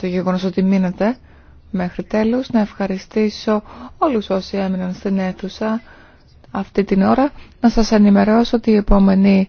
το γεγονός ότι μείνατε μέχρι τέλους. Να ευχαριστήσω όλους όσοι έμειναν στην αίθουσα αυτή την ώρα. Να σας ενημερώσω ότι η επόμενη